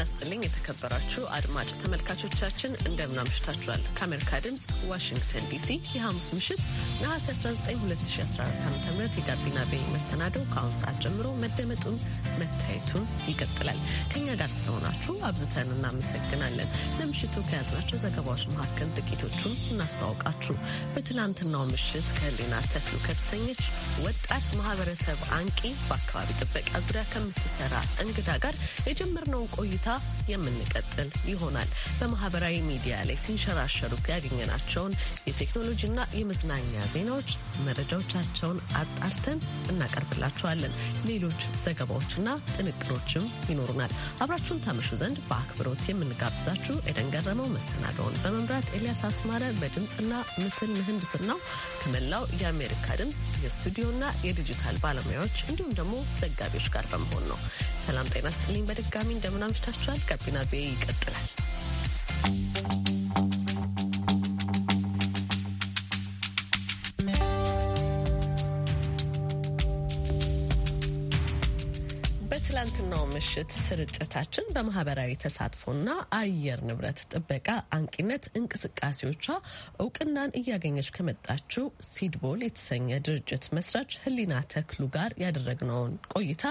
ጤና ስጥልኝ የተከበራችሁ አድማጭ ተመልካቾቻችን እንደምን አምሽታችኋል። ከአሜሪካ ድምፅ ዋሽንግተን ዲሲ የሐሙስ ምሽት ነሐሴ 19 2014 ዓ ም የጋቢና ቤ መሰናደው ከአሁን ሰዓት ጀምሮ መደመጡን መታየቱን ይቀጥላል። ከእኛ ጋር ስለሆናችሁ አብዝተን እናመሰግናለን። ለምሽቱ ከያዝናቸው ዘገባዎች መካከል ጥቂቶቹን እናስተዋውቃችሁ። በትላንትናው ምሽት ከህሊና ተክሉ ከተሰኘች ወጣት ማህበረሰብ አንቂ በአካባቢ ጥበቃ ዙሪያ ከምትሰራ እንግዳ ጋር የጀመርነውን ቆይታ የምንቀጥል ይሆናል። በማህበራዊ ሚዲያ ላይ ሲንሸራሸሩ ያገኘናቸውን የቴክኖሎጂና የመዝናኛ ዜናዎች መረጃዎቻቸውን አጣርተን እናቀርብላችኋለን። ሌሎች ዘገባዎችና ጥንቅሮችም ይኖሩናል። አብራችሁን ታመሹ ዘንድ በአክብሮት የምንጋብዛችሁ ኤደን ገረመው መሰናዶውን በመምራት ኤልያስ አስማረ በድምፅና ምስል ምህንድስናው ከመላው የአሜሪካ ድምፅ የስቱዲዮና የዲጂታል ባለሙያዎች እንዲሁም ደግሞ ዘጋቢዎች ጋር በመሆን ነው። ሰላም ጤና ስጥልኝ። በድጋሚ አምሽታችኋል? ጋቢና ቤ ይቀጥላል። የትናንትናው ምሽት ስርጭታችን በማህበራዊ ተሳትፎና አየር ንብረት ጥበቃ አንቂነት እንቅስቃሴዎቿ እውቅናን እያገኘች ከመጣችው ሲድቦል የተሰኘ ድርጅት መስራች ህሊና ተክሉ ጋር ያደረግነውን ቆይታ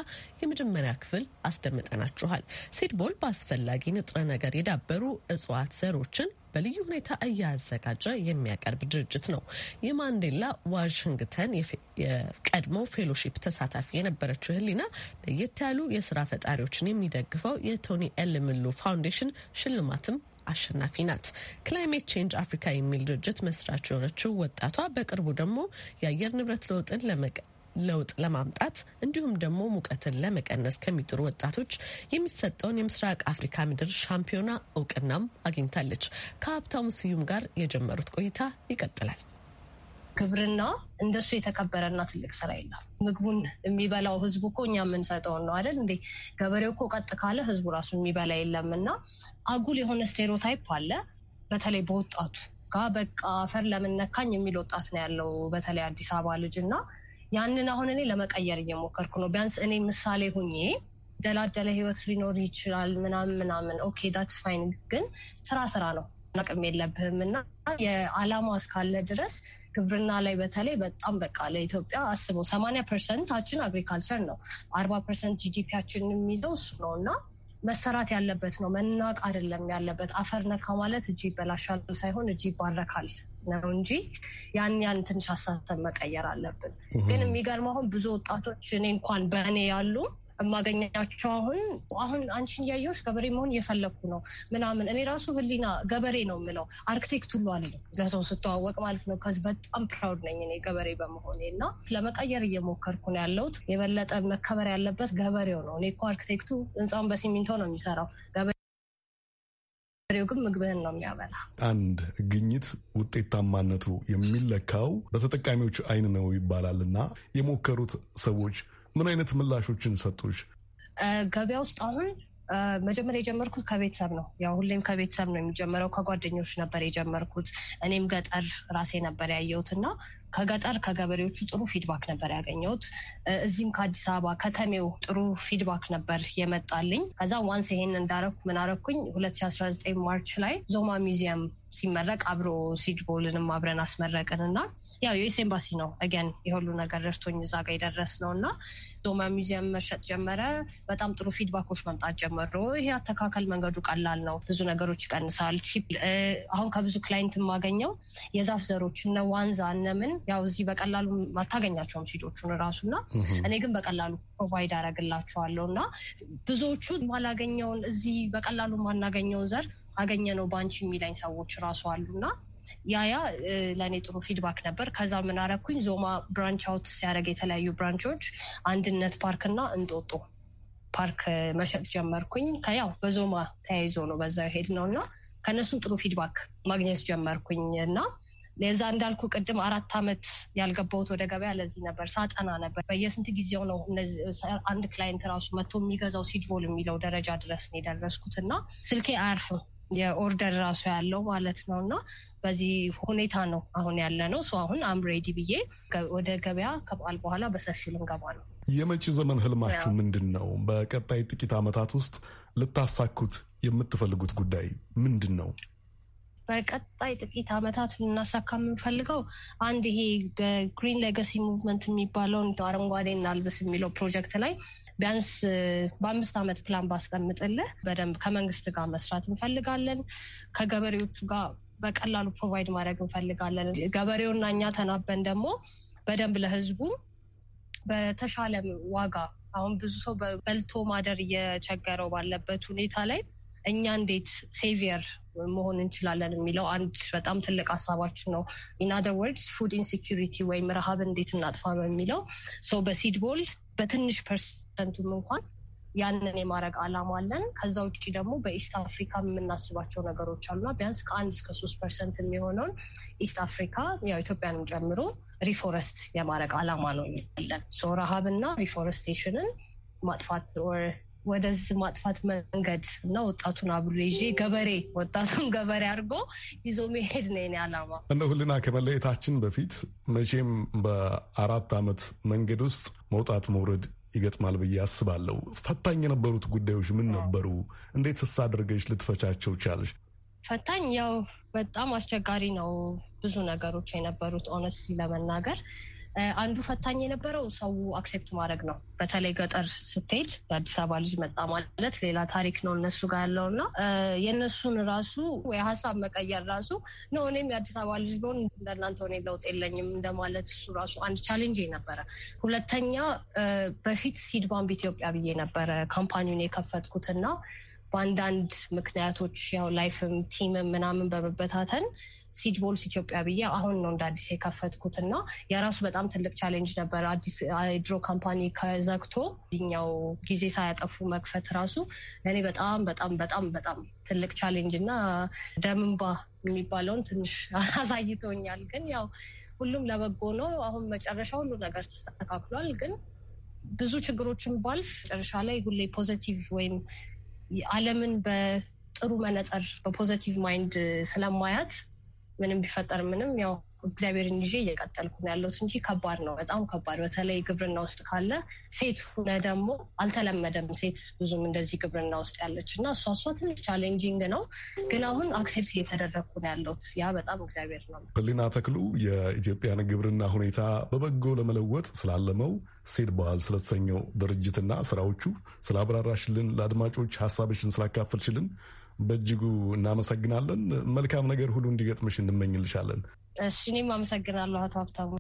የመጀመሪያ ክፍል አስደምጠናችኋል። ሲድቦል በአስፈላጊ ንጥረ ነገር የዳበሩ እጽዋት ዘሮችን በልዩ ሁኔታ እያዘጋጀ የሚያቀርብ ድርጅት ነው። የማንዴላ ዋሽንግተን የቀድሞ ፌሎሺፕ ተሳታፊ የነበረችው ህሊና ለየት ያሉ የስራ ፈጣሪዎችን የሚደግፈው የቶኒ ኤልምሉ ፋውንዴሽን ሽልማትም አሸናፊ ናት። ክላይሜት ቼንጅ አፍሪካ የሚል ድርጅት መስራች የሆነችው ወጣቷ በቅርቡ ደግሞ የአየር ንብረት ለውጥን ለመቀ። ለውጥ ለማምጣት እንዲሁም ደግሞ ሙቀትን ለመቀነስ ከሚጥሩ ወጣቶች የሚሰጠውን የምስራቅ አፍሪካ ምድር ሻምፒዮና እውቅናም አግኝታለች። ከሀብታሙ ስዩም ጋር የጀመሩት ቆይታ ይቀጥላል። ግብርና እንደሱ የተከበረና ትልቅ ስራ የለም። ምግቡን የሚበላው ህዝቡ እኮ እኛ የምንሰጠውን ነው አይደል እንዴ? ገበሬው እኮ ቀጥ ካለ ህዝቡ ራሱ የሚበላ የለም። እና አጉል የሆነ ስቴሮታይፕ አለ፣ በተለይ በወጣቱ ጋ በቃ አፈር ለምነካኝ የሚል ወጣት ነው ያለው፣ በተለይ አዲስ አበባ ልጅ እና ያንን አሁን እኔ ለመቀየር እየሞከርኩ ነው። ቢያንስ እኔ ምሳሌ ሁኜ ደላደለ ህይወት ሊኖር ይችላል ምናምን ምናምን፣ ኦኬ ዳትስ ፋይን። ግን ስራ ስራ ነው አቅም የለብህም እና የአላማ እስካለ ድረስ ግብርና ላይ በተለይ በጣም በቃ ለኢትዮጵያ አስበው ሰማንያ ፐርሰንታችን አግሪካልቸር ነው። አርባ ፐርሰንት ጂዲፒያችን የሚይዘው እሱ ነው እና መሰራት ያለበት ነው። መናቅ አይደለም ያለበት። አፈር ነካ ማለት እጅ ይበላሻል ሳይሆን እጅ ይባረካል ነው እንጂ ያን ያን ትንሽ አሳተን መቀየር አለብን። ግን የሚገርመው አሁን ብዙ ወጣቶች እኔ እንኳን በእኔ ያሉ የማገኛቸው አሁን አሁን አንቺን እያየሁሽ ገበሬ መሆን እየፈለግኩ ነው ምናምን። እኔ ራሱ ህሊና ገበሬ ነው የምለው አርክቴክት ሁሉ አለ ለሰው ስተዋወቅ ማለት ነው። ከዚህ በጣም ፕራውድ ነኝ እኔ ገበሬ በመሆኔ እና ለመቀየር እየሞከርኩ ነው ያለሁት። የበለጠ መከበር ያለበት ገበሬው ነው። እኔ እኮ አርክቴክቱ ህንፃውን በሲሚንቶ ነው የሚሰራው። ፍሬው ግን ምግብህን ነው የሚያበላ። አንድ ግኝት ውጤታማነቱ የሚለካው በተጠቃሚዎች አይን ነው ይባላል እና የሞከሩት ሰዎች ምን አይነት ምላሾችን ሰጡች? ገበያ ውስጥ አሁን መጀመሪያ የጀመርኩት ከቤተሰብ ነው። ያው ሁሌም ከቤተሰብ ነው የሚጀመረው። ከጓደኞች ነበር የጀመርኩት። እኔም ገጠር ራሴ ነበር ያየሁት እና ከገጠር ከገበሬዎቹ ጥሩ ፊድባክ ነበር ያገኘሁት። እዚህም ከአዲስ አበባ ከተሜው ጥሩ ፊድባክ ነበር የመጣልኝ። ከዛ ዋንስ ይሄን እንዳረኩ ምን አረኩኝ 2019 ማርች ላይ ዞማ ሚዚየም ሲመረቅ አብሮ ሲጅቦልንም አብረን አስመረቅን እና ያው ዩኤስ ኤምባሲ ነው አገን የሁሉ ነገር ረድቶኝ እዛ ጋር የደረስ ነው እና ዞማ ሚዚየም መሸጥ ጀመረ። በጣም ጥሩ ፊድባኮች መምጣት ጀመሩ። ይሄ አተካከል መንገዱ ቀላል ነው፣ ብዙ ነገሮች ይቀንሳል። አሁን ከብዙ ክላይንት የማገኘው የዛፍ ዘሮች እነ ዋንዛ እነምን ያው እዚህ በቀላሉ አታገኛቸውም ሲጆቹን እራሱ እና እኔ ግን በቀላሉ ፕሮቫይድ አደርግላቸዋለሁ እና ብዙዎቹ ማላገኘውን እዚህ በቀላሉ ማናገኘውን ዘር አገኘ ነው በአንቺ የሚለኝ ሰዎች እራሱ አሉና ያያ ለእኔ ጥሩ ፊድባክ ነበር። ከዛ ምን አረኩኝ ዞማ ብራንች አውት ሲያደረግ የተለያዩ ብራንቾች አንድነት ፓርክ እና እንጦጦ ፓርክ መሸጥ ጀመርኩኝ። ከያው በዞማ ተያይዞ ነው በዛ ሄድ ነው እና ከእነሱም ጥሩ ፊድባክ ማግኘት ጀመርኩኝ እና ለዛ እንዳልኩ ቅድም አራት ዓመት ያልገባውት ወደ ገበያ ለዚህ ነበር። ሳጠና ነበር በየስንት ጊዜው ነው አንድ ክላይንት ራሱ መጥቶ የሚገዛው ሲድቮል የሚለው ደረጃ ድረስ ነው የደረስኩት እና ስልኬ አያርፍም የኦርደር ራሱ ያለው ማለት ነው እና በዚህ ሁኔታ ነው አሁን ያለ ነው። እሱ አሁን አምሬዲ ብዬ ወደ ገበያ ከበዓል በኋላ በሰፊው ልንገባ ነው። የመጪ ዘመን ህልማችሁ ምንድን ነው? በቀጣይ ጥቂት ዓመታት ውስጥ ልታሳኩት የምትፈልጉት ጉዳይ ምንድን ነው? በቀጣይ ጥቂት ዓመታት ልናሳካ የምንፈልገው አንድ ይሄ በግሪን ሌገሲ ሙቭመንት የሚባለውን አረንጓዴ እናልብስ የሚለው ፕሮጀክት ላይ ቢያንስ በአምስት ዓመት ፕላን ባስቀምጥልህ በደንብ ከመንግስት ጋር መስራት እንፈልጋለን። ከገበሬዎቹ ጋር በቀላሉ ፕሮቫይድ ማድረግ እንፈልጋለን። ገበሬውና እኛ ተናበን ደግሞ በደንብ ለህዝቡ በተሻለ ዋጋ አሁን ብዙ ሰው በልቶ ማደር እየቸገረው ባለበት ሁኔታ ላይ እኛ እንዴት ሴቪየር መሆን እንችላለን የሚለው አንድ በጣም ትልቅ ሀሳባችን ነው። ኢን አደር ወርድስ ፉድ ኢንሴኪሪቲ ወይም ረሃብ እንዴት እናጥፋ የሚለው ሰው በሲድቦል በትንሽ ፐርሰንቱም እንኳን ያንን የማድረግ አላማ አለን። ከዛ ውጭ ደግሞ በኢስት አፍሪካ የምናስባቸው ነገሮች አሉና ቢያንስ ከአንድ እስከ ሶስት ፐርሰንት የሚሆነውን ኢስት አፍሪካ ያው ኢትዮጵያንም ጨምሮ ሪፎረስት የማድረግ አላማ ነው ያለን። ረሃብና ሪፎረስቴሽንን ማጥፋት ወደዚህ ማጥፋት መንገድ እና ወጣቱን አብሮ ይዤ ገበሬ ወጣቱን ገበሬ አድርጎ ይዞ መሄድ ነው የኔ ዓላማ። እንደ ሁልና ከመለየታችን በፊት መቼም በአራት ዓመት መንገድ ውስጥ መውጣት መውረድ ይገጥማል ብዬ አስባለሁ። ፈታኝ የነበሩት ጉዳዮች ምን ነበሩ? ስሳ አድርገሽ ልትፈቻቸው ቻለሽ? ፈታኝ ያው በጣም አስቸጋሪ ነው ብዙ ነገሮች የነበሩት ኦነስሊ ለመናገር አንዱ ፈታኝ የነበረው ሰው አክሴፕት ማድረግ ነው። በተለይ ገጠር ስትሄድ የአዲስ አበባ ልጅ መጣ ማለት ሌላ ታሪክ ነው እነሱ ጋር ያለው እና የእነሱን ራሱ የሀሳብ መቀየር ራሱ ነው። እኔም የአዲስ አበባ ልጅ ቢሆን እንደናንተ ሆኔ ለውጥ የለኝም እንደማለት እሱ ራሱ አንድ ቻሌንጅ ነበረ። ሁለተኛ በፊት ሲድ ባምብ ኢትዮጵያ ብዬ ነበረ ካምፓኒውን የከፈትኩትና በአንዳንድ ምክንያቶች ያው ላይፍም ቲምም ምናምን በመበታተን ሲድ ቦልስ ኢትዮጵያ ብዬ አሁን ነው እንደ አዲስ የከፈትኩት እና የራሱ በጣም ትልቅ ቻሌንጅ ነበር። አዲስ ሃይድሮ ካምፓኒ ከዘግቶ ኛው ጊዜ ሳያጠፉ መክፈት ራሱ እኔ በጣም በጣም በጣም በጣም ትልቅ ቻሌንጅ እና ደምንባ የሚባለውን ትንሽ አሳይቶኛል። ግን ያው ሁሉም ለበጎ ነው። አሁን መጨረሻ ሁሉ ነገር ተስተካክሏል። ግን ብዙ ችግሮችን ባልፍ መጨረሻ ላይ ሁሌ ፖዘቲቭ ወይም ዓለምን በጥሩ መነጽር በፖዘቲቭ ማይንድ ስለማያት ምንም ቢፈጠር ምንም ያው እግዚአብሔርን ይዤ እየቀጠልኩ ነው ያለሁት እንጂ ከባድ ነው፣ በጣም ከባድ። በተለይ ግብርና ውስጥ ካለ ሴት ሁነ ደግሞ አልተለመደም። ሴት ብዙም እንደዚህ ግብርና ውስጥ ያለች እና እሷ እሷ ትንሽ ቻሌንጂንግ ነው፣ ግን አሁን አክሴፕት እየተደረግኩ ነው ያለሁት። ያ በጣም እግዚአብሔር ነው። ህሊና ተክሉ የኢትዮጵያን ግብርና ሁኔታ በበጎ ለመለወጥ ስላለመው ሴት በዓል ስለተሰኘው ድርጅትና ስራዎቹ ስለ አብራራሽልን፣ ለአድማጮች ሀሳብሽን ስላካፈልሽልን በእጅጉ እናመሰግናለን። መልካም ነገር ሁሉ እንዲገጥምሽ እንመኝልሻለን። እሺ፣ እኔም አመሰግናለሁ አቶ ሀብታሙ።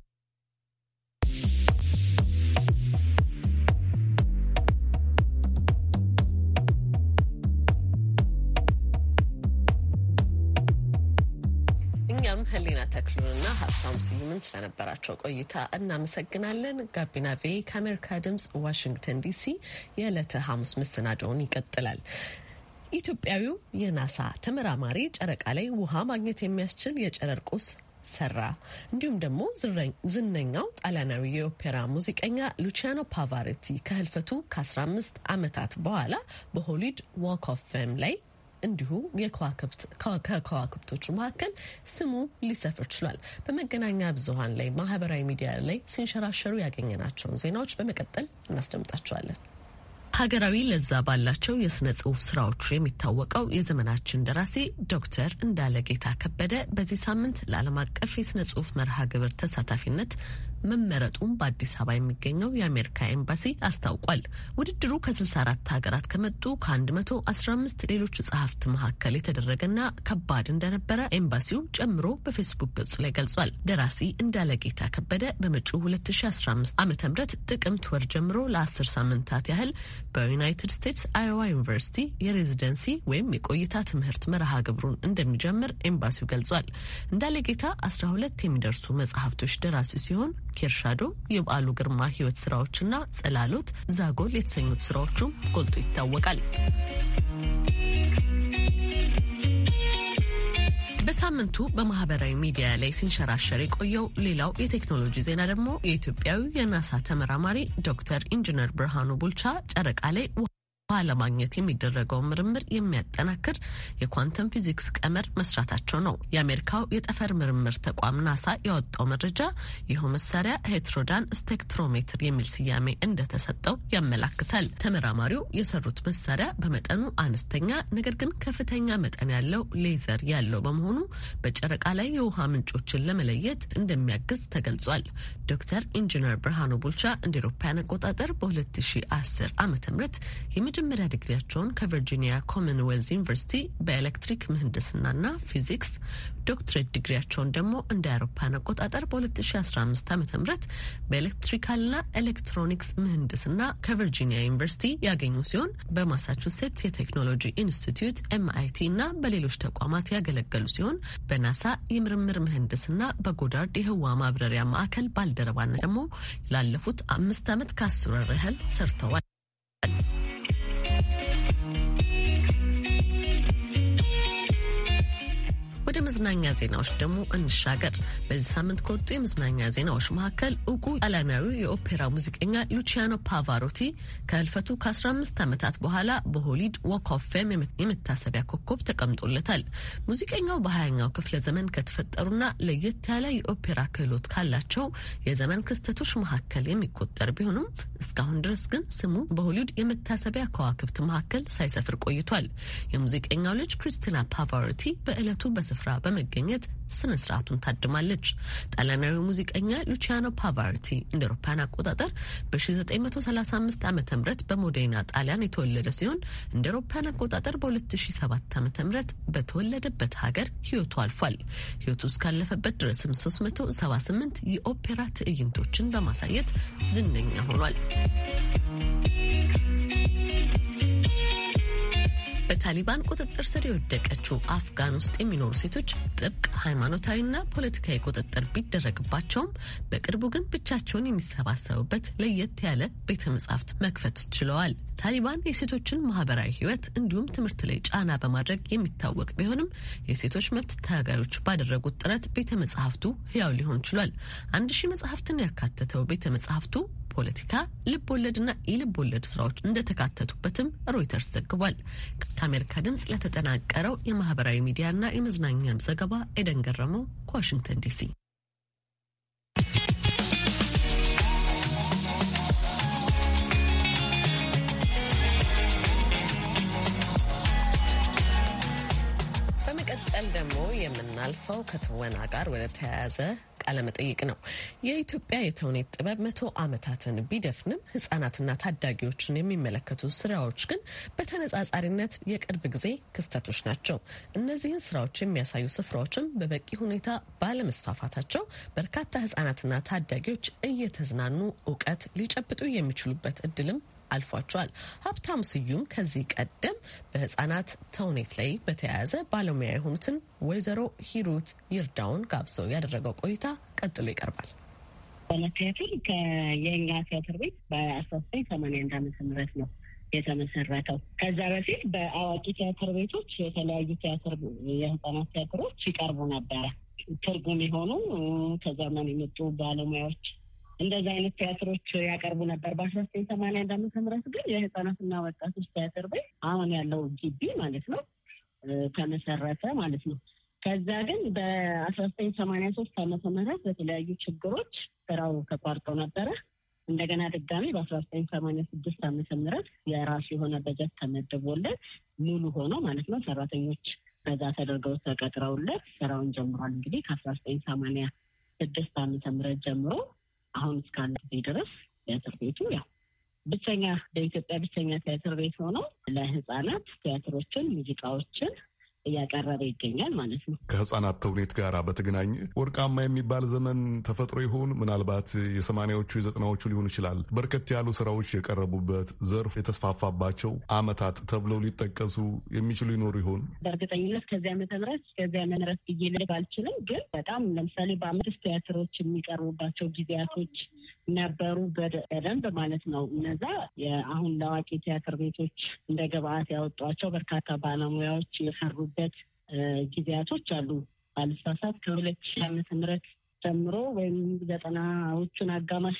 እኛም ህሊና ተክሉንና ሀብታሙ ስዩምን ስለነበራቸው ቆይታ እናመሰግናለን። ጋቢና ቬ ከአሜሪካ ድምጽ ዋሽንግተን ዲሲ የዕለተ ሐሙስ መሰናደውን ይቀጥላል። ኢትዮጵያዊው የናሳ ተመራማሪ ጨረቃ ላይ ውሃ ማግኘት የሚያስችል የጨረር ቁስ ሰራ። እንዲሁም ደግሞ ዝነኛው ጣሊያናዊ የኦፔራ ሙዚቀኛ ሉቺያኖ ፓቫሬቲ ከህልፈቱ ከ15 ዓመታት በኋላ በሆሊድ ዋክ ኦፍ ፌም ላይ እንዲሁ ከከዋክብቶቹ መካከል ስሙ ሊሰፍር ችሏል። በመገናኛ ብዙሀን ላይ ማህበራዊ ሚዲያ ላይ ሲንሸራሸሩ ያገኘናቸውን ዜናዎች በመቀጠል እናስደምጣቸዋለን። ሀገራዊ ለዛ ባላቸው የስነ ጽሁፍ ስራዎቹ የሚታወቀው የዘመናችን ደራሲ ዶክተር እንዳለጌታ ከበደ በዚህ ሳምንት ለዓለም አቀፍ የስነ ጽሁፍ መርሃ ግብር ተሳታፊነት መመረጡም በአዲስ አበባ የሚገኘው የአሜሪካ ኤምባሲ አስታውቋል። ውድድሩ ከ64 ሀገራት ከመጡ ከ115 ሌሎች ጸሐፍት መካከል የተደረገና ከባድ እንደነበረ ኤምባሲው ጨምሮ በፌስቡክ ገጹ ላይ ገልጿል። ደራሲ እንዳለጌታ ከበደ በመጪው 2015 ዓ ም ጥቅምት ወር ጀምሮ ለ10 ሳምንታት ያህል በዩናይትድ ስቴትስ አዮዋ ዩኒቨርሲቲ የሬዚደንሲ ወይም የቆይታ ትምህርት መርሃ ግብሩን እንደሚጀምር ኤምባሲው ገልጿል። እንዳለጌታ 12 የሚደርሱ መጽሐፍቶች ደራሲ ሲሆን ኬርሻዶ፣ የበዓሉ ግርማ ህይወት ስራዎችና ጸላሎት ዛጎል የተሰኙት ስራዎቹም ጎልቶ ይታወቃል። በሳምንቱ በማህበራዊ ሚዲያ ላይ ሲንሸራሸር የቆየው ሌላው የቴክኖሎጂ ዜና ደግሞ የኢትዮጵያዊ የናሳ ተመራማሪ ዶክተር ኢንጂነር ብርሃኑ ቡልቻ ጨረቃ ላይ ባለማግኘት የሚደረገው ምርምር የሚያጠናክር የኳንተም ፊዚክስ ቀመር መስራታቸው ነው። የአሜሪካው የጠፈር ምርምር ተቋም ናሳ ያወጣው መረጃ ይኸው መሳሪያ ሄትሮዳን ስፔክትሮሜትር የሚል ስያሜ እንደተሰጠው ያመላክታል። ተመራማሪው የሰሩት መሳሪያ በመጠኑ አነስተኛ ነገር ግን ከፍተኛ መጠን ያለው ሌዘር ያለው በመሆኑ በጨረቃ ላይ የውሃ ምንጮችን ለመለየት እንደሚያግዝ ተገልጿል። ዶክተር ኢንጂነር ብርሃኑ ቡልቻ እንደ ኤሮፓያን አቆጣጠር በ2010 ዓ ም የመጀመሪያ ዲግሪያቸውን ከቨርጂኒያ ኮመንዌልዝ ዩኒቨርሲቲ በኤሌክትሪክ ምህንድስናና ፊዚክስ፣ ዶክትሬት ዲግሪያቸውን ደግሞ እንደ አውሮፓን አቆጣጠር በ2015 ዓ ም በኤሌክትሪካልና ኤሌክትሮኒክስ ምህንድስና ከቨርጂኒያ ዩኒቨርሲቲ ያገኙ ሲሆን በማሳቹሴትስ የቴክኖሎጂ ኢንስቲትዩት ኤምአይቲ እና በሌሎች ተቋማት ያገለገሉ ሲሆን በናሳ የምርምር ምህንድስና በጎዳርድ የህዋ ማብረሪያ ማዕከል ባልደረባና ደግሞ ላለፉት አምስት ዓመት ከአስር ወር ያህል ሰርተዋል። ወደ መዝናኛ ዜናዎች ደግሞ እንሻገር። በዚህ ሳምንት ከወጡ የመዝናኛ ዜናዎች መካከል እውቁ ጣሊያናዊ የኦፔራ ሙዚቀኛ ሉቺያኖ ፓቫሮቲ ከህልፈቱ ከ15 ዓመታት በኋላ በሆሊድ ዎክ ኦፍ ፌም የመታሰቢያ ኮከብ ተቀምጦለታል። ሙዚቀኛው በሀያኛው ክፍለ ዘመን ከተፈጠሩና ለየት ያለ የኦፔራ ክህሎት ካላቸው የዘመን ክስተቶች መካከል የሚቆጠር ቢሆንም እስካሁን ድረስ ግን ስሙ በሆሊድ የመታሰቢያ ከዋክብት መካከል ሳይሰፍር ቆይቷል። የሙዚቀኛው ልጅ ክሪስቲና ፓቫሮቲ በዕለቱ በስፍራ ስፍራ በመገኘት ስነ ስርዓቱን ታድማለች። ጣሊያናዊ ሙዚቀኛ ሉቺያኖ ፓቫርቲ እንደ አውሮፓውያን አቆጣጠር በ1935 ዓ ም በሞዴና ጣሊያን የተወለደ ሲሆን እንደ አውሮፓውያን አቆጣጠር በ2007 ዓ ም በተወለደበት ሀገር ህይወቱ አልፏል። ህይወቱ እስካለፈበት ድረስም 378 የኦፔራ ትዕይንቶችን በማሳየት ዝነኛ ሆኗል። በታሊባን ቁጥጥር ስር የወደቀችው አፍጋን ውስጥ የሚኖሩ ሴቶች ጥብቅ ሃይማኖታዊና ፖለቲካዊ ቁጥጥር ቢደረግባቸውም በቅርቡ ግን ብቻቸውን የሚሰባሰቡበት ለየት ያለ ቤተ መጻሕፍት መክፈት ችለዋል። ታሊባን የሴቶችን ማህበራዊ ህይወት እንዲሁም ትምህርት ላይ ጫና በማድረግ የሚታወቅ ቢሆንም የሴቶች መብት ታጋዮች ባደረጉት ጥረት ቤተ መጽሐፍቱ ህያው ሊሆን ችሏል። አንድ ሺህ መጽሐፍትን ያካተተው ቤተ መጽሐፍቱ ፖለቲካ፣ ልብ ወለድና የልብ ወለድ ስራዎች እንደተካተቱበትም ሮይተርስ ዘግቧል። ከአሜሪካ ድምፅ ለተጠናቀረው የማህበራዊ ሚዲያና የመዝናኛም ዘገባ ኤደን ገረመው ከዋሽንግተን ዲሲ ቀጥለን ደግሞ የምናልፈው ከትወና ጋር ወደ ተያያዘ ቃለመጠይቅ ነው። የኢትዮጵያ የተውኔት ጥበብ መቶ ዓመታትን ቢደፍንም ህጻናትና ታዳጊዎችን የሚመለከቱ ስራዎች ግን በተነጻጻሪነት የቅርብ ጊዜ ክስተቶች ናቸው። እነዚህን ስራዎች የሚያሳዩ ስፍራዎችም በበቂ ሁኔታ ባለመስፋፋታቸው በርካታ ህጻናትና ታዳጊዎች እየተዝናኑ እውቀት ሊጨብጡ የሚችሉበት እድልም አልፏቸዋል። ሀብታም ስዩም ከዚህ ቀደም በህጻናት ተውኔት ላይ በተያያዘ ባለሙያ የሆኑትን ወይዘሮ ሂሩት ይርዳውን ጋብዘው ያደረገው ቆይታ ቀጥሎ ይቀርባል። በመካከል ከየኛ ቲያትር ቤት በአስራ ዘጠኝ ሰማንያ አንድ ዓመተ ምህረት ነው የተመሰረተው። ከዛ በፊት በአዋቂ ቲያትር ቤቶች የተለያዩ ቲያትር የህፃናት ቲያትሮች ይቀርቡ ነበረ። ትርጉም የሆኑ ከዘመን የመጡ ባለሙያዎች እንደዚ አይነት ቲያትሮች ያቀርቡ ነበር። በአስራ ዘጠኝ ሰማንያ አንድ ዓመተ ምህረት ግን የህፃናትና ወጣቶች ቲያትር ቤት አሁን ያለው ጊቢ ማለት ነው ተመሰረተ ማለት ነው። ከዛ ግን በአስራ ዘጠኝ ሰማንያ ሶስት ዓመተ ምህረት በተለያዩ ችግሮች ስራው ተቋርጦ ነበረ። እንደገና ድጋሚ በአስራ ዘጠኝ ሰማንያ ስድስት ዓመተ ምህረት የራሱ የሆነ በጀት ተመድቦለት ሙሉ ሆኖ ማለት ነው ሰራተኞች በዛ ተደርገው ተቀጥረውለት ስራውን ጀምሯል። እንግዲህ ከአስራ ዘጠኝ ሰማንያ ስድስት ዓመተ ምህረት ጀምሮ አሁን እስካለ ጊዜ ድረስ ቲያትር ቤቱ ያው ብቸኛ በኢትዮጵያ ብቸኛ ቲያትር ቤት ሆኖ ለህፃናት ቲያትሮችን፣ ሙዚቃዎችን እያቀረበ ይገኛል ማለት ነው። ከህጻናት ተውኔት ጋር በተገናኘ ወርቃማ የሚባል ዘመን ተፈጥሮ ይሆን? ምናልባት የሰማኒያዎቹ የዘጠናዎቹ ሊሆን ይችላል። በርከት ያሉ ስራዎች የቀረቡበት ዘርፍ የተስፋፋባቸው አመታት ተብለው ሊጠቀሱ የሚችሉ ይኖሩ ይሆን? በእርግጠኝነት ከዚህ ዓመተ ምህረት ከዚህ ዓመተ ምህረት ብዬ ልል አልችልም። ግን በጣም ለምሳሌ በአምስት ቲያትሮች የሚቀርቡባቸው ጊዜያቶች ነበሩ በደንብ ማለት ነው። እነዛ አሁን ለአዋቂ ቲያትር ቤቶች እንደ ግብአት ያወጧቸው በርካታ ባለሙያዎች የሰሩበት ጊዜያቶች አሉ። ባልሳሳት ከሁለት ሺህ ዓመተ ምህረት ጀምሮ ወይም ዘጠናዎቹን አጋማሽ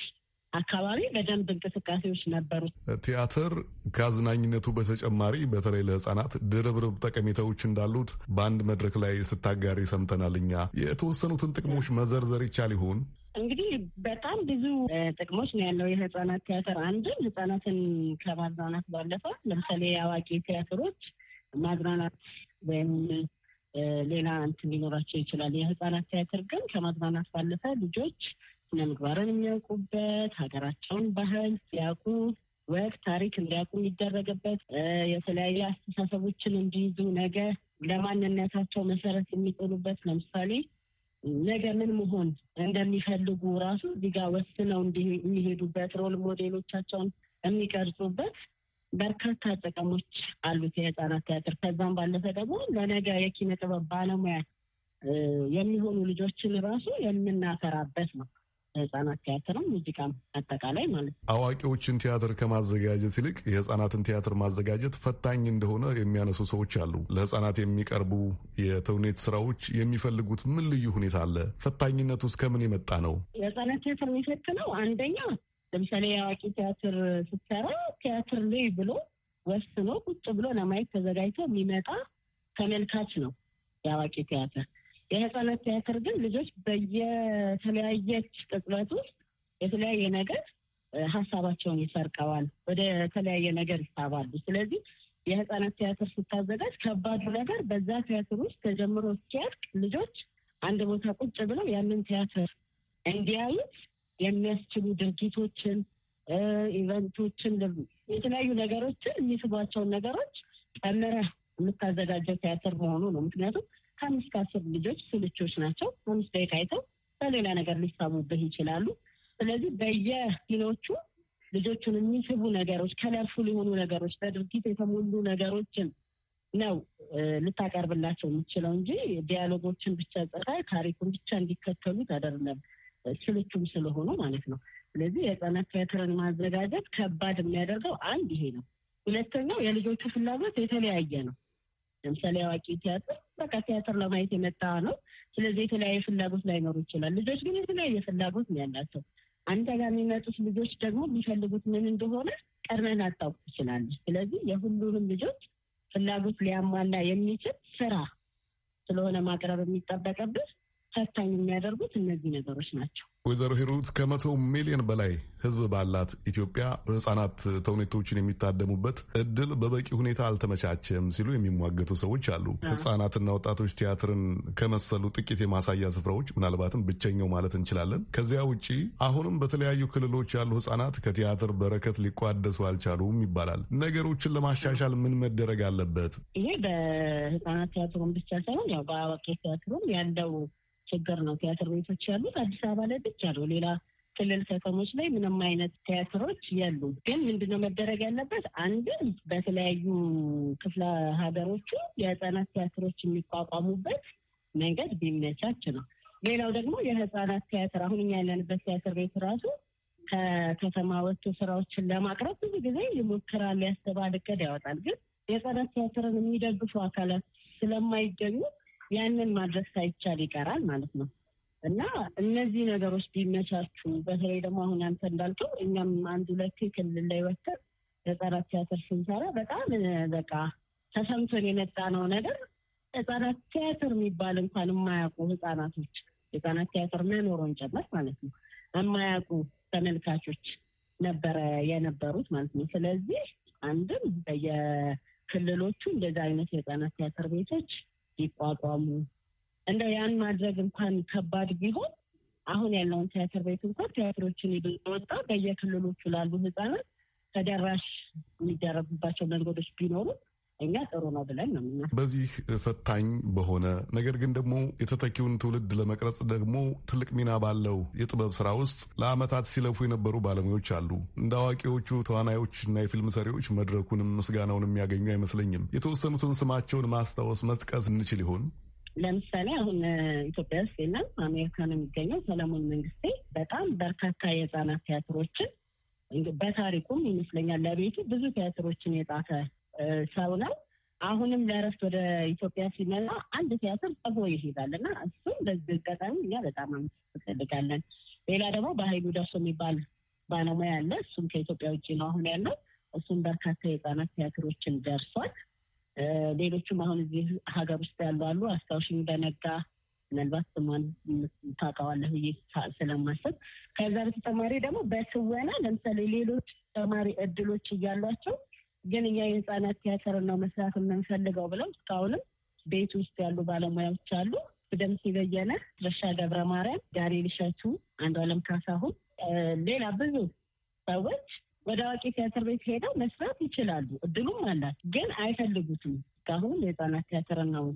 አካባቢ በደንብ እንቅስቃሴዎች ነበሩ። ቲያትር ከአዝናኝነቱ በተጨማሪ በተለይ ለህፃናት ድርብርብ ጠቀሜታዎች እንዳሉት በአንድ መድረክ ላይ ስታጋሪ ሰምተናል። እኛ የተወሰኑትን ጥቅሞች መዘርዘር ይቻል ይሆን? እንግዲህ በጣም ብዙ ጥቅሞች ነው ያለው የህጻናት ቲያትር። አንድም ህጻናትን ከማዝናናት ባለፈ ለምሳሌ የአዋቂ ቲያትሮች ማዝናናት ወይም ሌላ እንትን ሊኖራቸው ይችላል። የህጻናት ቲያትር ግን ከማዝናናት ባለፈ ልጆች ስነ ምግባርን የሚያውቁበት ሀገራቸውን ባህል ሲያውቁ ወቅ ታሪክ እንዲያውቁ የሚደረግበት የተለያዩ አስተሳሰቦችን እንዲይዙ ነገ ለማንነታቸው መሰረት የሚጥሉበት ለምሳሌ ነገ ምን መሆን እንደሚፈልጉ ራሱ እዚህ ጋር ወስነው የሚሄዱበት ሮል ሞዴሎቻቸውን የሚቀርጹበት በርካታ ጥቅሞች አሉት የህፃናት ቲያትር። ከዛም ባለፈ ደግሞ ለነገ የኪነ ጥበብ ባለሙያ የሚሆኑ ልጆችን ራሱ የምናፈራበት ነው። የህጻናት ቲያትርም ሙዚቃም አጠቃላይ ማለት ነው። አዋቂዎችን ቲያትር ከማዘጋጀት ይልቅ የህጻናትን ቲያትር ማዘጋጀት ፈታኝ እንደሆነ የሚያነሱ ሰዎች አሉ። ለህጻናት የሚቀርቡ የተውኔት ስራዎች የሚፈልጉት ምን ልዩ ሁኔታ አለ? ፈታኝነቱ ውስጥ ከምን የመጣ ነው? የህጻናት ቲያትር የሚፈትነው አንደኛ ለምሳሌ የአዋቂ ቲያትር ስትሰራ ቲያትር ልይ ብሎ ወስኖ ቁጭ ብሎ ለማየት ተዘጋጅቶ የሚመጣ ተመልካች ነው የአዋቂ ቲያትር የህፃናት ቲያትር ግን ልጆች በየተለያየች ቅጽበት ውስጥ የተለያየ ነገር ሀሳባቸውን ይሰርቀዋል፣ ወደ ተለያየ ነገር ይሳባሉ። ስለዚህ የህፃናት ቲያትር ስታዘጋጅ ከባዱ ነገር በዛ ቲያትር ውስጥ ተጀምሮ ሲያልቅ ልጆች አንድ ቦታ ቁጭ ብለው ያንን ቲያትር እንዲያዩት የሚያስችሉ ድርጊቶችን፣ ኢቨንቶችን፣ የተለያዩ ነገሮችን የሚስቧቸውን ነገሮች ጨምረህ የምታዘጋጀው ቲያትር መሆኑ ነው። ምክንያቱም ከአምስት ከአስር ልጆች ስልቾች ናቸው። አምስት ደቂቃ አይተው በሌላ ነገር ሊሳቡብህ ይችላሉ። ስለዚህ በየፊኖቹ ልጆቹን የሚስቡ ነገሮች፣ ከለርፉል የሆኑ ነገሮች፣ በድርጊት የተሞሉ ነገሮችን ነው ልታቀርብላቸው የምችለው እንጂ ዲያሎጎችን ብቻ ጸራ ታሪኩን ብቻ እንዲከተሉ አይደለም። ስልቹም ስለሆኑ ማለት ነው። ስለዚህ የህጻናት ቲያትርን ማዘጋጀት ከባድ የሚያደርገው አንድ ይሄ ነው። ሁለተኛው የልጆቹ ፍላጎት የተለያየ ነው። ለምሳሌ አዋቂ ቲያትር በቃ ቲያትር ለማየት የመጣ ነው። ስለዚህ የተለያየ ፍላጎት ላይኖሩ ይችላል። ልጆች ግን የተለያየ ፍላጎት ነው ያላቸው። አንተ ጋር የሚመጡት ልጆች ደግሞ የሚፈልጉት ምን እንደሆነ ቀድመን አጣውቅ ትችላለች። ስለዚህ የሁሉንም ልጆች ፍላጎት ሊያሟላ የሚችል ስራ ስለሆነ ማቅረብ የሚጠበቅብህ ፈታኝ የሚያደርጉት እነዚህ ነገሮች ናቸው። ወይዘሮ ሂሩት ከመቶ ሚሊዮን በላይ ህዝብ ባላት ኢትዮጵያ ህጻናት ተውኔቶችን የሚታደሙበት እድል በበቂ ሁኔታ አልተመቻቸም ሲሉ የሚሟገቱ ሰዎች አሉ። ህጻናትና ወጣቶች ቲያትርን ከመሰሉ ጥቂት የማሳያ ስፍራዎች ምናልባትም ብቸኛው ማለት እንችላለን። ከዚያ ውጪ አሁንም በተለያዩ ክልሎች ያሉ ህጻናት ከቲያትር በረከት ሊቋደሱ አልቻሉም ይባላል። ነገሮችን ለማሻሻል ምን መደረግ አለበት? ይሄ በህጻናት ቲያትሩን ብቻ ሳይሆን ያው በአዋቂ ቲያትሩም ያለው ችግር ነው ቲያትር ቤቶች ያሉት። አዲስ አበባ ላይ ብቻ ነው። ሌላ ክልል ከተሞች ላይ ምንም አይነት ቲያትሮች የሉ። ግን ምንድነው መደረግ ያለበት? አንድም በተለያዩ ክፍለ ሀገሮቹ የህፃናት ቲያትሮች የሚቋቋሙበት መንገድ ቢመቻች ነው። ሌላው ደግሞ የህፃናት ቲያትር አሁን እኛ ያለንበት ቲያትር ቤት ራሱ ከከተማ ወጥቶ ስራዎችን ለማቅረብ ብዙ ጊዜ ይሞክራል፣ ያስባል፣ እቅድ ያወጣል። ግን የህፃናት ቲያትርን የሚደግፉ አካላት ስለማይገኙ ያንን ማድረግ ሳይቻል ይቀራል ማለት ነው እና እነዚህ ነገሮች ቢመቻቹ፣ በተለይ ደግሞ አሁን አንተ እንዳልቱ እኛም አንድ ሁለት ክልል ላይ ወተን ህጻናት ቲያትር ስንሰራ በጣም በቃ ተሰምቶን የመጣ ነው ነገር ህጻናት ቲያትር የሚባል እንኳን የማያውቁ ህጻናቶች ህጻናት ቲያትር መኖሩን ጨመር ማለት ነው የማያውቁ ተመልካቾች ነበረ የነበሩት ማለት ነው። ስለዚህ አንድም በየክልሎቹ እንደዚ አይነት የህጻናት ቲያትር ቤቶች ሲቋቋሙ እንደው ያን ማድረግ እንኳን ከባድ ቢሆን አሁን ያለውን ቲያትር ቤት እንኳን ቲያትሮችን ይበወጣ በየክልሎቹ ላሉ ህጻናት ተደራሽ የሚደረጉባቸው መንገዶች ቢኖሩ እኛ ጥሩ ነው ብለን ነው ምና በዚህ ፈታኝ በሆነ ነገር ግን ደግሞ የተተኪውን ትውልድ ለመቅረጽ ደግሞ ትልቅ ሚና ባለው የጥበብ ስራ ውስጥ ለአመታት ሲለፉ የነበሩ ባለሙያዎች አሉ። እንደ አዋቂዎቹ ተዋናዮችና የፊልም ሰሪዎች መድረኩንም ምስጋናውን የሚያገኙ አይመስለኝም። የተወሰኑትን ስማቸውን ማስታወስ መጥቀስ እንችል ይሆን? ለምሳሌ አሁን ኢትዮጵያ ውስጥ የለም፣ አሜሪካ ነው የሚገኘው። ሰለሞን መንግስቴ በጣም በርካታ የህፃናት ቲያትሮችን በታሪኩም ይመስለኛል ለቤቱ ብዙ ቲያትሮችን የጻፈ ሰው ነው። አሁንም ለእረፍት ወደ ኢትዮጵያ ሲመጣ አንድ ቲያትር ጽፎ ይሄዳል እና እሱም በዚህ አጋጣሚ እኛ በጣም እንፈልጋለን። ሌላ ደግሞ በሀይሉ ደርሶ የሚባል ባለሙያ አለ። እሱም ከኢትዮጵያ ውጭ ነው አሁን ያለው። እሱም በርካታ የህፃናት ቲያትሮችን ደርሷል። ሌሎቹም አሁን እዚህ ሀገር ውስጥ ያሉ አሉ። አስታውሽኝ በነጋ ምናልባት ስሟን ታውቃዋለህ ብዬ ስለማስብ። ከዛ በተጨማሪ ደግሞ በትወና ለምሳሌ ሌሎች ተማሪ እድሎች እያሏቸው ግን እኛ የህፃናት ቲያትር ነው መስራት የምንፈልገው ብለው እስካሁንም ቤት ውስጥ ያሉ ባለሙያዎች አሉ። በደምስ በየነ፣ ረሻ ገብረ ማርያም፣ ልሸቱ እሸቱ፣ አንዱዓለም ካሳሁን፣ ሌላ ብዙ ሰዎች ወደ አዋቂ ቲያትር ቤት ሄደው መስራት ይችላሉ። እድሉም አላት፣ ግን አይፈልጉትም። እስካሁን የህፃናት ቲያትር ነው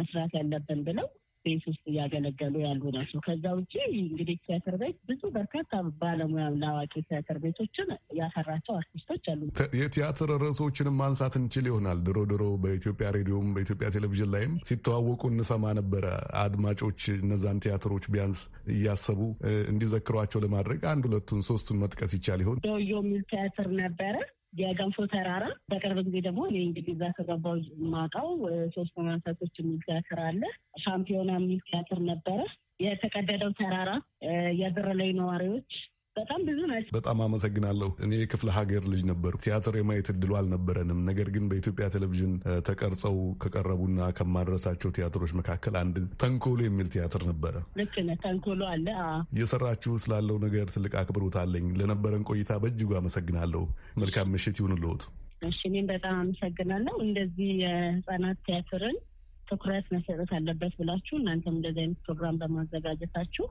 መስራት ያለብን ብለው ስፔስ ውስጥ እያገለገሉ ያሉ ናቸው። ከዛ ውጭ እንግዲህ ቲያትር ቤት ብዙ በርካታ ባለሙያ ላዋቂ ቲያትር ቤቶችን ያፈራቸው አርቲስቶች አሉ። የቲያትር ርዕሶችንም ማንሳት እንችል ይሆናል። ድሮ ድሮ በኢትዮጵያ ሬዲዮም በኢትዮጵያ ቴሌቪዥን ላይም ሲተዋወቁ እንሰማ ነበረ። አድማጮች እነዛን ቲያትሮች ቢያንስ እያሰቡ እንዲዘክሯቸው ለማድረግ አንድ ሁለቱን ሶስቱን መጥቀስ ይቻል ይሆን? ዶዮ የሚል ቲያትር ነበረ የገንፎ ተራራ በቅርብ ጊዜ ደግሞ እኔ እንግዲህ እዛ ከገባሁ የማውቀው ሶስት መናሳቶች የሚል ቲያትር አለ። ሻምፒዮና የሚል ቲያትር ነበረ። የተቀደደው ተራራ፣ የብር ላይ ነዋሪዎች በጣም ብዙ ናቸው። በጣም አመሰግናለሁ። እኔ የክፍለ ሀገር ልጅ ነበርኩ። ቲያትር የማየት እድሉ አልነበረንም። ነገር ግን በኢትዮጵያ ቴሌቪዥን ተቀርጸው ከቀረቡና ከማድረሳቸው ቲያትሮች መካከል አንድ ተንኮሎ የሚል ቲያትር ነበረ። ልክ ነህ። ተንኮሎ አለ። የሰራችሁ ስላለው ነገር ትልቅ አክብሮት አለኝ። ለነበረን ቆይታ በእጅጉ አመሰግናለሁ። መልካም ምሽት ይሁንልዎት። እሺ፣ እኔም በጣም አመሰግናለሁ። እንደዚህ የህጻናት ቲያትርን ትኩረት መሰጠት አለበት ብላችሁ እናንተም እንደዚህ አይነት ፕሮግራም በማዘጋጀታችሁ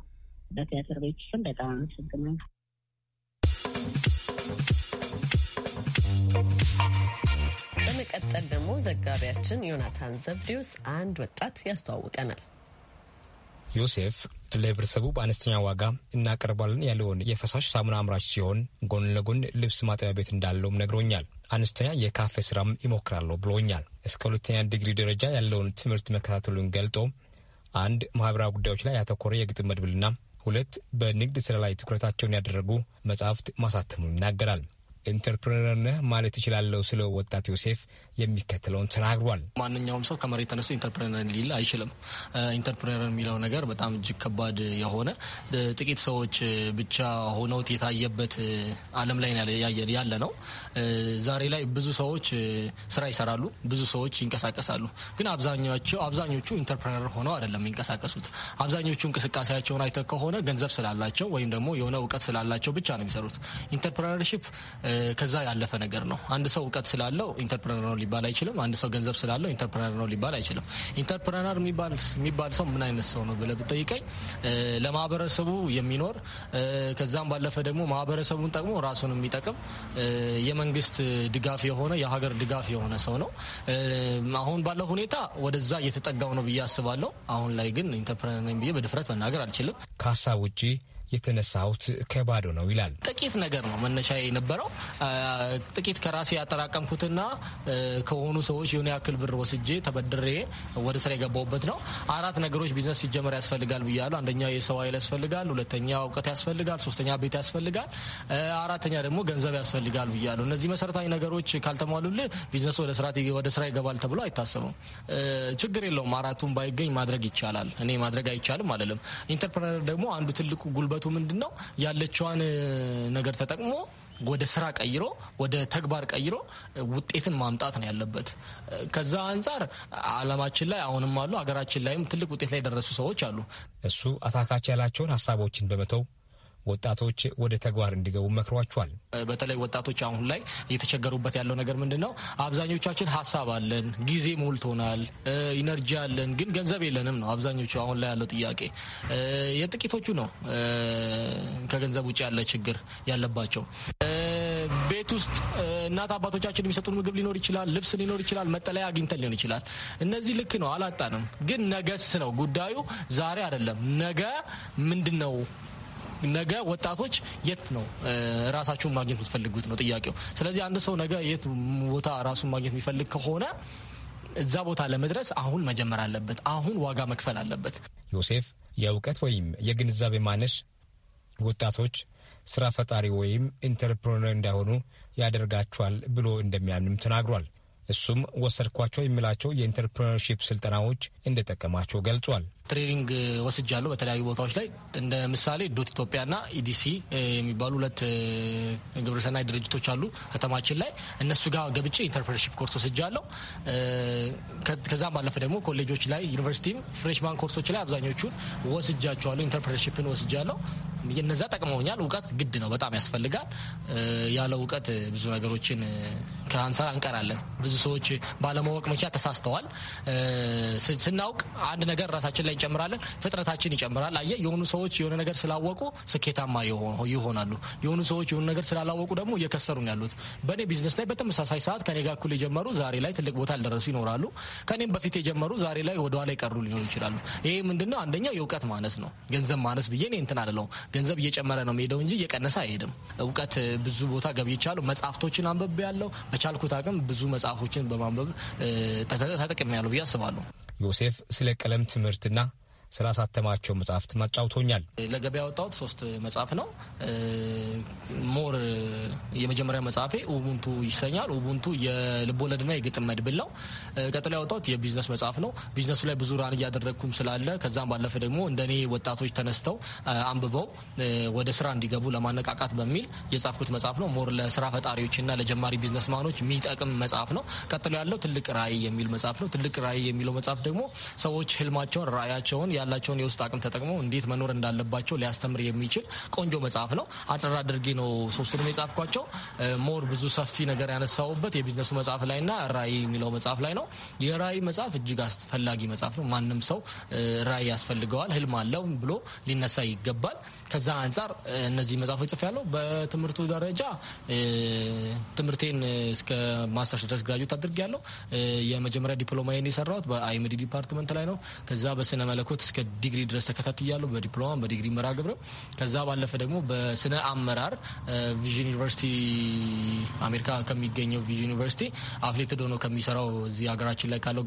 በቲያትር ቤት ስም በጣም አመሰግናለሁ። በመቀጠል ደግሞ ዘጋቢያችን ዮናታን ዘብዲዮስ አንድ ወጣት ያስተዋውቀናል። ዮሴፍ ለህብረተሰቡ በአነስተኛ ዋጋ እናቀርባለን ያለውን የፈሳሽ ሳሙና አምራች ሲሆን ጎን ለጎን ልብስ ማጠቢያ ቤት እንዳለውም ነግሮኛል። አነስተኛ የካፌ ስራም ይሞክራለሁ ብሎኛል። እስከ ሁለተኛ ዲግሪ ደረጃ ያለውን ትምህርት መከታተሉን ገልጦ አንድ ማህበራዊ ጉዳዮች ላይ ያተኮረ የግጥም መድብልና ሁለት በንግድ ስራ ላይ ትኩረታቸውን ያደረጉ መጽሐፍት ማሳተሙን ይናገራል። ኢንተርፕሬነር ነህ ማለት እችላለሁ ስለ ወጣት ዮሴፍ የሚከተለውን ተናግሯል። ማንኛውም ሰው ከመሬት ተነስቶ ኢንተርፕረነር ሊል አይችልም። ኢንተርፕረነር የሚለው ነገር በጣም እጅግ ከባድ የሆነ ጥቂት ሰዎች ብቻ ሆነውት የታየበት ዓለም ላይ ያለ ነው። ዛሬ ላይ ብዙ ሰዎች ስራ ይሰራሉ፣ ብዙ ሰዎች ይንቀሳቀሳሉ። ግን አብዛኛቸው አብዛኞቹ ኢንተርፕረነር ሆነው አይደለም የሚንቀሳቀሱት። አብዛኞቹ እንቅስቃሴያቸውን አይተህ ከሆነ ገንዘብ ስላላቸው ወይም ደግሞ የሆነ እውቀት ስላላቸው ብቻ ነው የሚሰሩት ኢንተርፕረነርሽፕ ከዛ ያለፈ ነገር ነው። አንድ ሰው እውቀት ስላለው ኢንተርፕረነር ነው ሊባል አይችልም። አንድ ሰው ገንዘብ ስላለው ኢንተርፕረነር ነው ሊባል አይችልም። ኢንተርፕረነር የሚባል ሰው ምን አይነት ሰው ነው ብለህ ብጠይቀኝ ለማህበረሰቡ የሚኖር ከዛም ባለፈ ደግሞ ማህበረሰቡን ጠቅሞ ራሱን የሚጠቅም የመንግስት ድጋፍ የሆነ የሀገር ድጋፍ የሆነ ሰው ነው። አሁን ባለው ሁኔታ ወደዛ እየተጠጋው ነው ብዬ አስባለሁ። አሁን ላይ ግን ኢንተርፕረነር ነኝ ብዬ በድፍረት መናገር አልችልም። ከሀሳብ ውጭ የተነሳሁት ከባዶ ነው ይላል። ጥቂት ነገር ነው መነሻ የነበረው ጥቂት ከራሴ ያጠራቀምኩትና ከሆኑ ሰዎች የሆነ ያክል ብር ወስጄ ተበድሬ ወደ ስራ የገባሁበት ነው። አራት ነገሮች ቢዝነስ ሲጀመር ያስፈልጋል ብያለሁ። አንደኛው የሰው ኃይል ያስፈልጋል፣ ሁለተኛ እውቀት ያስፈልጋል፣ ሶስተኛ ቤት ያስፈልጋል፣ አራተኛ ደግሞ ገንዘብ ያስፈልጋል ብያለሁ። እነዚህ መሰረታዊ ነገሮች ካልተሟሉልህ ቢዝነስ ወደ ስራ ወደ ስራ ይገባል ተብሎ አይታሰብም። ችግር የለውም። አራቱን ባይገኝ ማድረግ ይቻላል። እኔ ማድረግ አይቻልም አይደለም። ኢንተርፕረነር ደግሞ አንዱ ትልቁ ጉልበቱ ሂደቱ ምንድን ነው? ያለችዋን ነገር ተጠቅሞ ወደ ስራ ቀይሮ ወደ ተግባር ቀይሮ ውጤትን ማምጣት ነው ያለበት። ከዛ አንጻር አለማችን ላይ አሁንም አሉ፣ ሀገራችን ላይም ትልቅ ውጤት ላይ የደረሱ ሰዎች አሉ። እሱ አታካች ያላቸውን ሀሳቦችን በመተው ወጣቶች ወደ ተግባር እንዲገቡ መክሯቸዋል። በተለይ ወጣቶች አሁን ላይ እየተቸገሩበት ያለው ነገር ምንድን ነው? አብዛኞቻችን ሀሳብ አለን፣ ጊዜ ሞልቶናል፣ ኢነርጂ አለን፣ ግን ገንዘብ የለንም ነው አብዛኞቹ አሁን ላይ ያለው ጥያቄ። የጥቂቶቹ ነው ከገንዘብ ውጭ ያለ ችግር ያለባቸው። ቤት ውስጥ እናት አባቶቻችን የሚሰጡን ምግብ ሊኖር ይችላል፣ ልብስ ሊኖር ይችላል፣ መጠለያ አግኝተን ሊሆን ይችላል። እነዚህ ልክ ነው፣ አላጣንም። ግን ነገስ ነው ጉዳዩ ዛሬ አይደለም። ነገ ምንድን ነው ነገ ወጣቶች የት ነው ራሳችሁን ማግኘት የምትፈልጉት ነው ጥያቄው። ስለዚህ አንድ ሰው ነገ የት ቦታ ራሱን ማግኘት የሚፈልግ ከሆነ እዛ ቦታ ለመድረስ አሁን መጀመር አለበት። አሁን ዋጋ መክፈል አለበት። ዮሴፍ የእውቀት ወይም የግንዛቤ ማነስ ወጣቶች ስራ ፈጣሪ ወይም ኢንተርፕሮነር እንዳይሆኑ ያደርጋቸዋል ብሎ እንደሚያምንም ተናግሯል። እሱም ወሰድኳቸው የሚላቸው የኢንተርፕሪነርሺፕ ስልጠናዎች እንደጠቀማቸው ገልጿል። ትሬኒንግ ወስጃለሁ በተለያዩ ቦታዎች ላይ እንደ ምሳሌ ዶት ኢትዮጵያና ኢዲሲ የሚባሉ ሁለት ግብረሰናይ ድርጅቶች አሉ ከተማችን ላይ እነሱ ጋር ገብቼ ኢንተርፕሪነርሺፕ ኮርስ ወስጃለሁ። ከዛም ባለፈ ደግሞ ኮሌጆች ላይ ዩኒቨርሲቲም ፍሬሽማን ኮርሶች ላይ አብዛኞቹን ወስጃቸዋለሁ። ኢንተርፕሪነርሺፕን ወስጃለሁ። እነዛ ጠቅመውኛል። እውቀት ግድ ነው፣ በጣም ያስፈልጋል። ያለ እውቀት ብዙ ነገሮችን ከአንሳር አንቀራለን። ብዙ ሰዎች ባለማወቅ መኪና ተሳስተዋል። ስናውቅ አንድ ነገር ራሳችን ላይ እንጨምራለን፣ ፍጥረታችን ይጨምራል። አየ የሆኑ ሰዎች የሆነ ነገር ስላወቁ ስኬታማ ይሆናሉ። የሆኑ ሰዎች የሆኑ ነገር ስላላወቁ ደግሞ እየከሰሩ ነው ያሉት። በእኔ ቢዝነስ ላይ በተመሳሳይ ሰዓት ከኔ ጋር እኩል የጀመሩ ዛሬ ላይ ትልቅ ቦታ አልደረሱ ይኖራሉ። ከኔም በፊት የጀመሩ ዛሬ ላይ ወደኋላ ይቀሩ ሊኖሩ ይችላሉ። ይሄ ምንድነው? አንደኛው የእውቀት ማነስ ነው። ገንዘብ ማነስ ብዬ እኔ እንትን አለው። ገንዘብ እየጨመረ ነው ሄደው እንጂ እየቀነሰ አይሄድም። እውቀት ብዙ ቦታ ገብይቻለሁ። መጽሐፍቶችን አንብቤ ያለው በቻልኩት አቅም ብዙ መጽሐፎችን በማንበብ ተጠቅሜያለሁ ብዬ አስባለሁ። ዮሴፍ ስለ ቀለም ትምህርትና ስላሳተማቸው መጽሐፍት ማጫውቶኛል። ለገበያ ያወጣሁት ሶስት መጽሐፍ ነው። ሞር የመጀመሪያ መጽሐፌ ኡቡንቱ ይሰኛል። ኡቡንቱ የልቦለድና የግጥም መድብል ነው። ቀጥሎ ያወጣሁት የቢዝነስ መጽሐፍ ነው። ቢዝነሱ ላይ ብዙ ራን እያደረግኩም ስላለ ከዛም ባለፈ ደግሞ እንደኔ ወጣቶች ተነስተው አንብበው ወደ ስራ እንዲገቡ ለማነቃቃት በሚል የጻፍኩት መጽሐፍ ነው። ሞር ለስራ ፈጣሪዎችና ለጀማሪ ቢዝነስማኖች የሚጠቅም መጽሐፍ ነው። ቀጥሎ ያለው ትልቅ ራዕይ የሚል መጽሐፍ ነው። ትልቅ ራዕይ የሚለው መጽሐፍ ደግሞ ሰዎች ህልማቸውን ራዕያቸውን ያላቸውን የውስጥ አቅም ተጠቅመው እንዴት መኖር እንዳለባቸው ሊያስተምር የሚችል ቆንጆ መጽሐፍ ነው። አጠር አድርጌ ነው ሶስቱንም የጻፍኳቸው። ሞር ብዙ ሰፊ ነገር ያነሳውበት የቢዝነሱ መጽሐፍ ላይና ራዕይ የሚለው መጽሐፍ ላይ ነው። የራዕይ መጽሐፍ እጅግ አስፈላጊ መጽሐፍ ነው። ማንም ሰው ራዕይ ያስፈልገዋል፣ ህልም አለው ብሎ ሊነሳ ይገባል። ከዛ አንጻር እነዚህ መጽሐፎች ጽፍ ያለው በትምህርቱ ደረጃ ትምህርቴን እስከ ማስተርስ ድረስ ግራጁዌት ያለው የመጀመሪያ ዲፕሎማዬን የሰራሁት በአይምዲ ዲፓርትመንት ላይ ነው። ከዛ በስነ መለኮት እስከ ዲግሪ ድረስ ተከታትያለሁ በዲፕሎማ በዲግሪ መርሃ ግብር። ከዛ ባለፈ ደግሞ በስነ አመራር ቪዥን ዩኒቨርሲቲ አሜሪካ ከሚገኘው ቪዥን ዩኒቨርሲቲ አፍሌትድ ሆኖ ከሚሰራው እዚህ ሀገራችን ላይ ካለው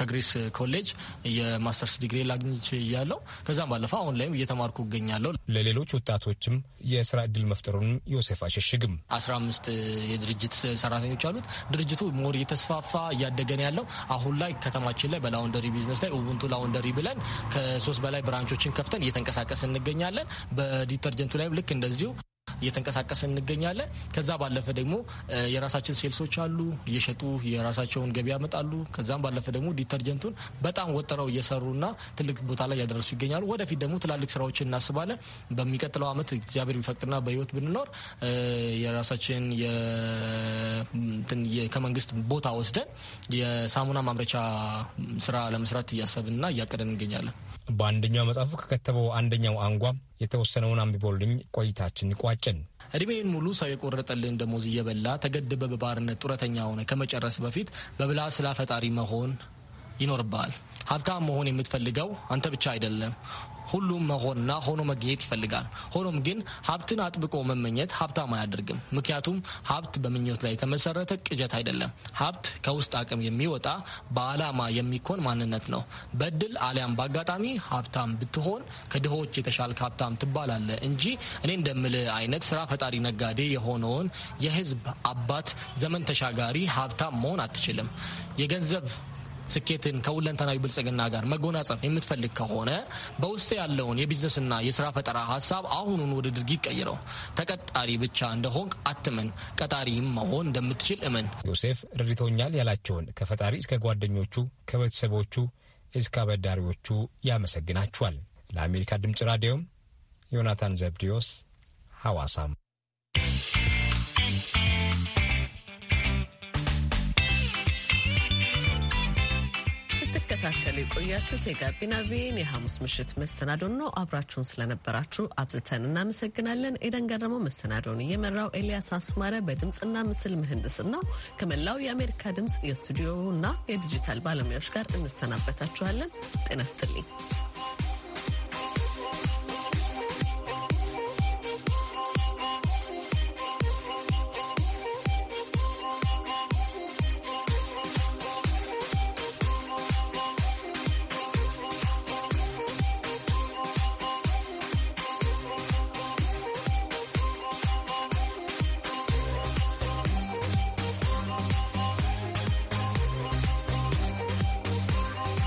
ከግሪስ ኮሌጅ የማስተርስ ዲግሪ ላግኝች እያለው ከዛም ባለፈ አሁን ላይም እየተማርኩ እገኛለሁ። ለሌሎች ወጣቶችም የስራ እድል መፍጠሩን ዮሴፍ አሸሽግም አስራ አምስት የድርጅት ሰራተኞች አሉት። ድርጅቱ ሞር እየተስፋፋ እያደገን ያለው አሁን ላይ ከተማችን ላይ በላውንደሪ ቢዝነስ ላይ ኡቡንቱ ላውንደሪ ብለን ከ ከሶስት በላይ ብራንቾችን ከፍተን እየተንቀሳቀስ እንገኛለን። በዲተርጀንቱ ላይም ልክ እንደዚሁ እየተንቀሳቀስ እንገኛለን። ከዛ ባለፈ ደግሞ የራሳችን ሴልሶች አሉ፣ እየሸጡ የራሳቸውን ገቢ ያመጣሉ። ከዛም ባለፈ ደግሞ ዲተርጀንቱን በጣም ወጥረው እየሰሩና ትልቅ ቦታ ላይ እያደረሱ ይገኛሉ። ወደፊት ደግሞ ትላልቅ ስራዎችን እናስባለን። በሚቀጥለው ዓመት እግዚአብሔር ቢፈቅድና በህይወት ብንኖር የራሳችን ከመንግስት ቦታ ወስደን የሳሙና ማምረቻ ስራ ለመስራት እያሰብንና እያቀደን እንገኛለን። በአንደኛው መጽሐፉ ከከተበው አንደኛው አንጓ የተወሰነውን አንብቦልኝ ቆይታችን ቋጭን። እድሜን ሙሉ ሰው የቆረጠልን ደሞዝ እየበላ ተገድበ በባርነት ጡረተኛ ሆነ ከመጨረስ በፊት በብላ ስላ ፈጣሪ መሆን ይኖርብሃል። ሀብታም መሆን የምትፈልገው አንተ ብቻ አይደለም። ሁሉም መሆንና ሆኖ መገኘት ይፈልጋል። ሆኖም ግን ሀብትን አጥብቆ መመኘት ሀብታም አያደርግም። ምክንያቱም ሀብት በምኞት ላይ የተመሰረተ ቅጀት አይደለም። ሀብት ከውስጥ አቅም የሚወጣ በዓላማ የሚኮን ማንነት ነው። በድል አሊያም በአጋጣሚ ሀብታም ብትሆን ከድሆች የተሻልክ ሀብታም ትባላለ እንጂ እኔ እንደምል አይነት ስራ ፈጣሪ ነጋዴ የሆነውን የህዝብ አባት ዘመን ተሻጋሪ ሀብታም መሆን አትችልም። የገንዘብ ስኬትን ከሁለንተናዊ ብልጽግና ጋር መጎናጸፍ የምትፈልግ ከሆነ በውስጥ ያለውን የቢዝነስና የስራ ፈጠራ ሀሳብ አሁኑን ወደ ድርጊት ቀይረው። ተቀጣሪ ብቻ እንደሆንክ አትመን፣ ቀጣሪም መሆን እንደምትችል እመን። ዮሴፍ ረድቶኛል ያላቸውን ከፈጣሪ እስከ ጓደኞቹ ከቤተሰቦቹ እስከ አበዳሪዎቹ ያመሰግናቸዋል። ለአሜሪካ ድምፅ ራዲዮም ዮናታን ዘብዲዮስ ሐዋሳም ስትከታተሉ የቆያችሁት የጋቢና ቪን የሐሙስ ምሽት መሰናዶን ነው። አብራችሁን ስለነበራችሁ አብዝተን እናመሰግናለን። ኤደን ገረመው መሰናዶን እየመራው፣ ኤልያስ አስማረ በድምፅና ምስል ምህንድስና ነው። ከመላው የአሜሪካ ድምፅ የስቱዲዮና የዲጂታል ባለሙያዎች ጋር እንሰናበታችኋለን። ጤና